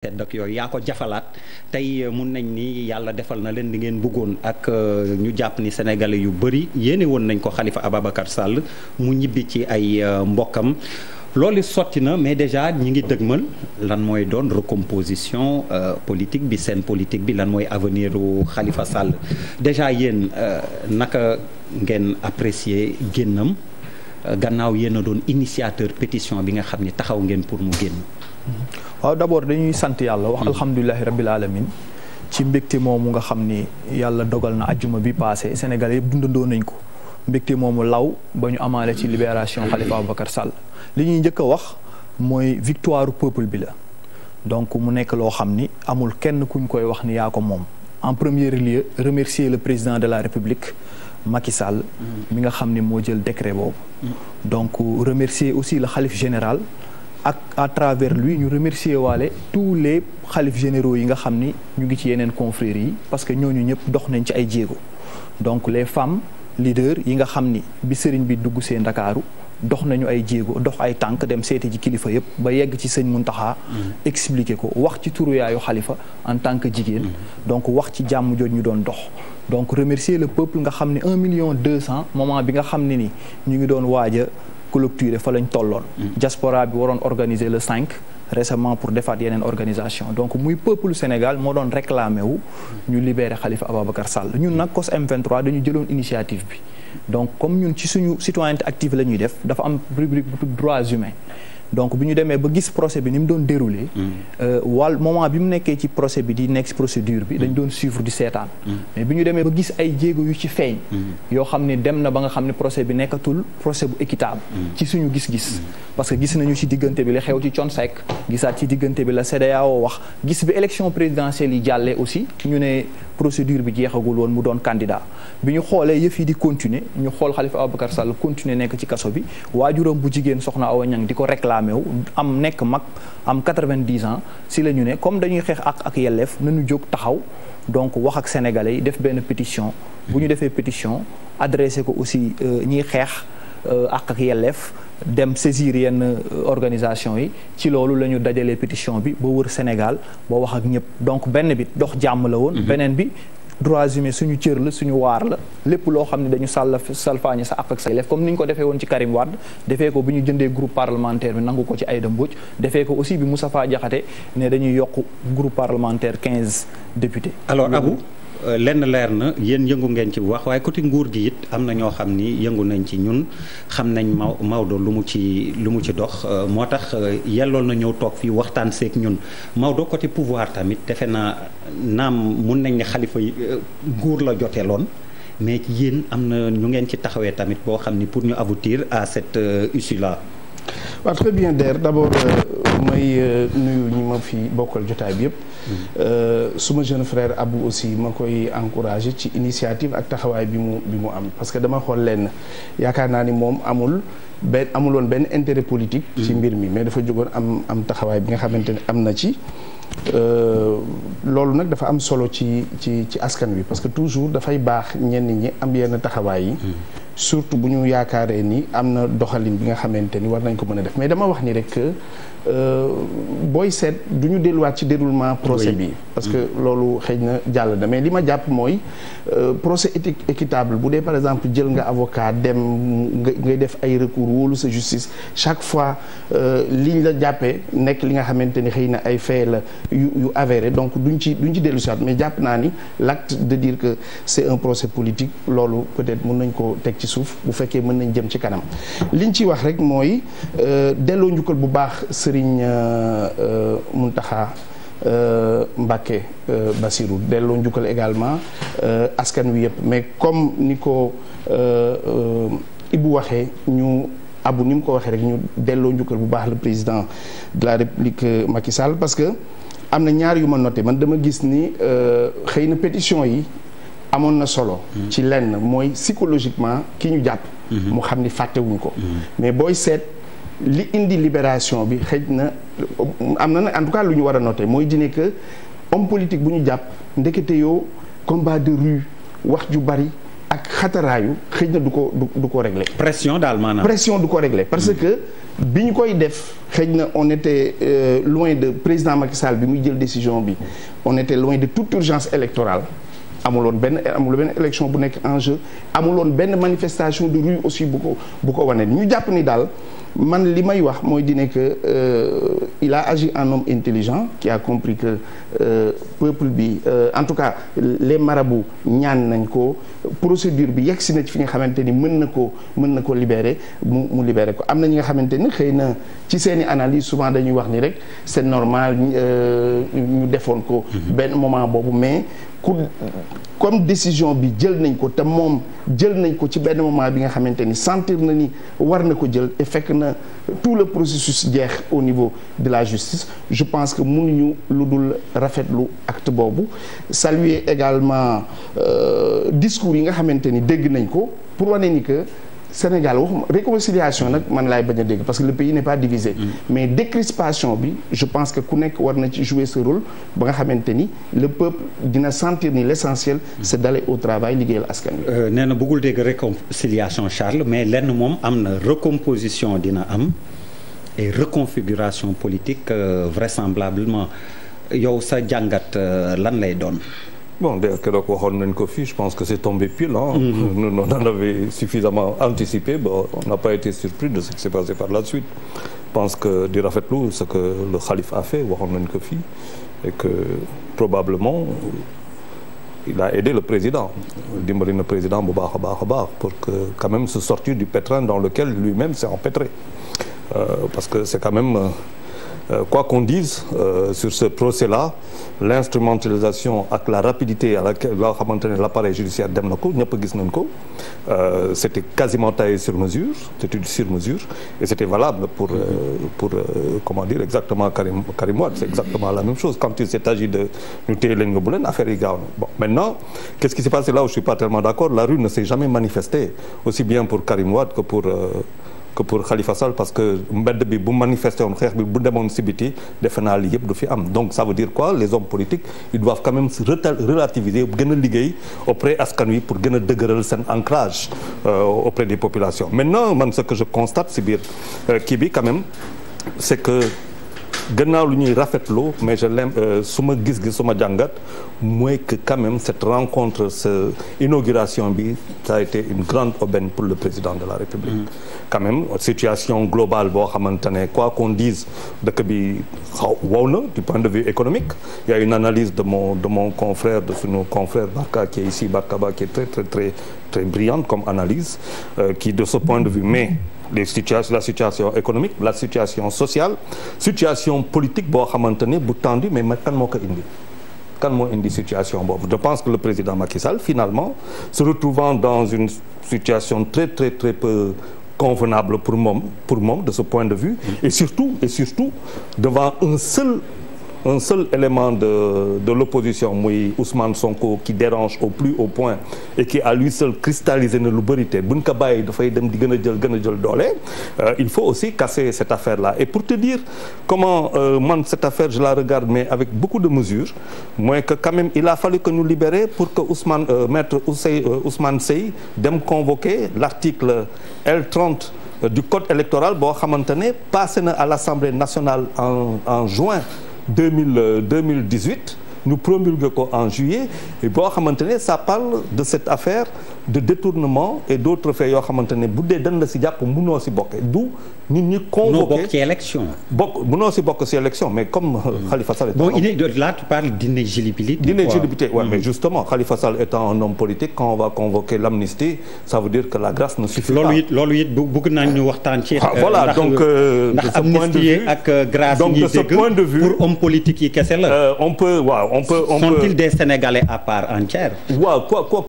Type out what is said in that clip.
ndak yooyu yaa ko jafalaat tey euh, mun nañ ni yàlla defal na leen li ngeen bëggoon ak euh, ñu jàpp ni sénégalais yu bëri yéene woon nañ ko Khalifa Ababacar sàll mu ñibbi ci ay euh, mbokkam loolu sotti na mais déjà ñi ngi dëgmal lan mooy doon recomposition politique bi seen politique bi lan mooy avenir u Khalifa Sall déjà yéen naka ngeen apprécier génnam gannaaw yéen a doon initiateur pétition bi nga xam ni taxaw ngeen pour mu génn waaw d'abord dañuy sant yàlla wax alhamdulilahi rabbil alamin ci mbégte moomu nga xam ni yàlla dogal na ajjuma bi passé Sénégal yëpp dundandoo nañ ko mbégte moomu law ba ñu amaale ci libération Khalifa Ababacar Sall li ñuy njëkk a wax mooy victoire peuple bi la donc mu nekk loo xam ni amul kenn kuñ koy wax ni yaa ko moom en premier lieu remercier le président de la République Macky Sall mi nga xam ni moo jël décret boobu mm. donc remercier aussi la khalife général ak à travers lui ñu remercier waale tous les xalifa généraux yi nga xam ni ñu ngi ci yeneen confrères yi parce que ñooñu ñëpp dox nañ ci ay jéego donc les femmes leaders yi nga xam ni bi sëriñ bi dugg see ndakaaru dox nañu ay jéego dox ay tànk dem seeti ci kilifa yëpp ba yegg ci sëñ Muntaxa mm-hmm. expliquer ko wax ci turu yaayu xalifa en tant que jigéen mm-hmm. donc wax ci jàmm jooju ñu doon dox donc remercier le peuple nga xam ne un million deux cent moment bi nga xam ne ni ñu ngi doon waaj a clôturer fa lañ tolloon mm. diaspora bi waroon organiser le 5 récemment pour defaat yeneen organisation donc muy peuple Sénégal moo doon réclamé wu ñu libérer xalifa Ababacar Sall ñun nag COS M23 dañu jëloon initiative bi donc comme ñun ci suñu citoyenneté active la ñuy def dafa am rubrique bu tudd droits humains donc bi ñu demee ba gis procès bi ni mu doon déroulé. Mm. Euh, wal moment bi mu nekkee ci procès bi di nekk procédure bi dañu mm. doon suivre di seetaan. Mm. mais bi ñu demee ba gis ay jéego yu ci feeñ. yoo xam ne dem na ba nga xam ne procès bi nekkatul procès bu équitable. ci suñu gis-gis. parce que gis nañu ci diggante bi la xew ci Thione gisaat ci diggante bi la CEDEAO wax gis bi élection présidentielle yi jàllee aussi ñu ne. procédure bi jeexagul woon mu doon kandidaa bi ñu xoolee yëf yi di continuer ñu xool Khalifa Ababacar Sall continuer nekk ci kaso bi waajuram bu jigéen soxna Awa ñang di ko réclamer wu am nekk mag am 90 ans si la ñu ne comme dañuy xeex ak ak yelleef nañu jóg taxaw donc wax ak sénégalais yi def benn pétition bu ñu defee pétition adressé ko aussi euh, ñiy xeex euh, ak ak yelleef dem saisir yenn euh, organisation yi ci loolu la ñu dajalee pétition bi ba wër Sénégal ba wax ak ñëpp donc benn bi dox jàmm la woon mhm. beneen bi droits humains suñu cër la suñu waar la lépp loo xam ne dañu sàll salfaañi sa àq ak sa yelleef comme ni ñu ko defee woon ci Karim Wade defee ko bi ñu jëndee groupe parlementaire bi nangu ko ci Aïda Mbodj defee ko aussi bi Moustapha Diakhaté ne dañuy yokk groupe parlementaire quinze députés aloo nagu Euh, lenn leer na yéen yëngu ngeen ci bu wax waaye côté nguur gi it am na ñoo xam ni yëngu nañ ci ñun xam nañ Maw Maodo lu mu ci lu mu ci dox euh, moo tax euh, yelloon na ñëw toog fii waxtaan seek ñun Maodo côté pouvoir tamit defe naa naam mun nañ ne xalifa yi nguur la jotee loon mais yéen am na ñu ngeen ci taxawee tamit boo xam ni pour ñu aboutir à cette issue là. may euh, nuyu ñi ma fi bokkal jotaay bi yëpp. Mm-hmm. Euh, suma jeune frère Abou aussi ma koy encouragé ci initiative ak taxawaay bi mu bi mu am parce que dama xool lenn yaakaar naa ni moom amul benn amuloon benn intérêt politique. Mm-hmm. ci mbir mi mais dafa jógoon am am taxawaay bi nga xamante ne am na ci. Euh, loolu nag dafa am solo ci ci ci askan wi parce que toujours dafay baax ñenn ñi am yenn taxawaay yi. Mm-hmm. surtout bu ñu yaakaaree ni am na doxalin bi nga xamante ni war nañ ko mën a def mais dama wax nii rek Euh, booy seet du ñu delluwaat ci déroulement procès bi parce que mm. loolu xëy na jàll na mais li ma jàpp mooy euh, procès éthique équitable bu dee par exemple jël nga avocat dem nga ngay def ay recours woolu sa justice chaque fois euh, liñ la jàppee nekk li nga xamante ni xëy na ay fait la yu yu avéré donc duñ ci duñ ci dellusiwaat mais jàpp naa ni l'acte de dire que c'est un procès politique loolu peut-être mën nañ ko teg ci suuf bu fekkee mën nañ jëm ci kanam liñ ci wax rek mooy delloo Serigne euh, euh, Mountakha euh, Mbacké Bassirou delloo njukkal également askan wi yëpp mais comme ni ko Ibou waxee ñu abu ni mu ko waxee rek ñu delloo njukkal bu baax le président de la république Macky parce que am na ñaar yu ma noté man dama gis ni xëy na pétition yi amoon na solo. ci lenn mooy psychologiquement ki ñu jàpp. Mm-hmm. mu xam ni fàttewuñ ko. Mm-hmm. mais booy seet. li indi libération bi xëj na am na nag en tout cas lu ñu war a noter mooy dine que homme politique bu ñu jàpp ndekete yoo combat de rue wax ju bari ak xataraayu xëj na du ko du ko régler. pression daal maanaam. pression du ko régler parce que bi ñu koy def xëj na on était euh, loin de président Macky Sall bi muy jël décision bi on était loin de toute urgence électorale. amuloon benn amul benn élection bu nekk en amuloon benn manifestation de rue aussi bu ko bu ko wane ñu jàpp ni daal. man li may wax mooy di ne que euh, il a agi un homme intelligent qui a compris que euh, peuple bi euh, en tout cas les bu ñaan nañ ko procédure bi yegg si na ci fi nga xamante ni mën na ko mën na ko libérer mu mu libérer ko am na ñi nga xamante ni xëy na ci seen i analyse souvent dañuy wax ni rek c'est normal euh, ñu defoon ko mm-hmm. benn moment boobu mais ku comme décision bi jël nañ ko te moom jël nañ ko ci benn moment bi nga xamante ni sentir na ni war na ko jël et fekk na tout le processus jeex au niveau de la justice je pense que mu ñu lu dul rafetlu acte boobu saluer également euh, discours yi nga xamante ni dégg nañ ko pour wane ni que Sénégal waxuma réconciliation nag man laay bañ a dégg parce que le pays ne pas divisé. Mm. mais décrispation bi je pense que ku nekk war na ci jouer ce rôle ba nga xamante ni le peuple dina sentir ni l'essentiel mm. c'est d'aller au travail liggéeyal askan wi. Euh, nee na bëggul dégg réconciliation Charles mais lenn moom am na recomposition dina am et reconfiguration politique euh, vraisemblablement yow sa jàngat euh, lan lay doon. bon keroog waxoon nañ ko fii je pense que c'est tombé pile ah. nous on en avait suffisamment anticipé bon on n'a pas été surpris de ce qui s'est passé par la suite. je pense que di rafetlu ce que le xalif a fait waxoon nañ ko fii et que probablement. il a aidé le président dimbali na président bu baax a baax a baax pour que quand même se sortir du pétrin dans lequel lui-même s'est empêtré euh, parce que c'est quand même euh, Euh, quoi qu'on dise euh, sur ce procès-là l'instrumentalisation ak la rapidité à laquelle loo xamante ne l'appareil judiciaire dem na ko ñëpp gis nañ ko euh, c'était quasiment taillé sur mesure c'était sur mesure et c'était valable pour pour comment dire exactement Karim Karim Wade c'est exactement la même chose quand il s'est agi de ñu téye leen nga bu leen affaire yi gaaw na bon maintenant qu'est-ce qui s'est passé là où je suis pas tellement d'accord la rue ne s'est jamais manifestée aussi bien pour Karim Wade que pour que pour Khalifa Sall parce que mbedd bi bu manifesté woon xeex bi bu demoon si biti defe du fi donc ça veut dire quoi les hommes politiques ils doivent quand même se relativiser gën a liggéey auprès askan pour gën a dëgëral seen euh, auprès des populations maintenant man ce que je constate si biir euh, bi quand même gannaaw lu ñuy rafetlu mais je l'aime euh, su ma gis-gis suma ma jàngat mooy que quand même cette rencontre ce inauguration bi ça a été une grande aubaine pour le président de la République mm-hmm. quand même situation globale boo xamante ne quoi qu'on dise dëkk bi xaw wow na du point de vue économique il y a une analyse de mon de mon confrère de suñu confrère Barka qui est ici Barka Ba qui est très brillante comme analyse euh, qui de ce point de vue mais les situations la situation économique la situation sociale situation politique boo xamante ne bu tendu mais kan moo ko indi kan moo indi situation boobu je pense que le président Macky Sall finalement se retrouvant dans une situation très très très peu convenable pour moom pour moom de ce point de vue et surtout et surtout devant un seul un seul élément de de l'opposition muy Ousmane Sonko qui dérange au plus haut point et qui à lui seul cristallisé na lu bëri te buñ ko bàyyi dafay dem di gën a jël gën a jël doole euh, il faut aussi casser cette affaire là et pour te dire comment euh, man cette affaire je la regarde mais avec beaucoup de mesure mooy que quand même il a fallu que nous libérer pour que Ousmane euh, maître Ousey, euh, Ousmane Sey dem convoquer l'article L30 euh, du code électoral boo xamante ne passé na à l'Assemblée nationale en en juin deux mille euh, deux mille dix-huit ñu promulgué ko en juillet boo xamante ne ça parle de cette affaire de détournement et d'autres faits yoo xamante ne bu dee dañ la si jàpp munoo si bokkee du nit ñi bokk ci élection bokk munoo si si élection mais comme euh, hmm. Khalifa Sall bon il est là tu parles d'inéligibilité d'inéligibilité waaw hmm. mais justement Khalifa Sall étant un homme politique quand on va convoquer l'amnistie ça veut dire que la grâce ne suffit pas loolu it loolu it bëgg naa ñu waxtaan ci ah, euh, voilà donc euh, ndax amnistie ak grâce yi ñuy dégg pour homme politique yi kese la on on peut ils des Sénégalais à part entière. waaw quoi.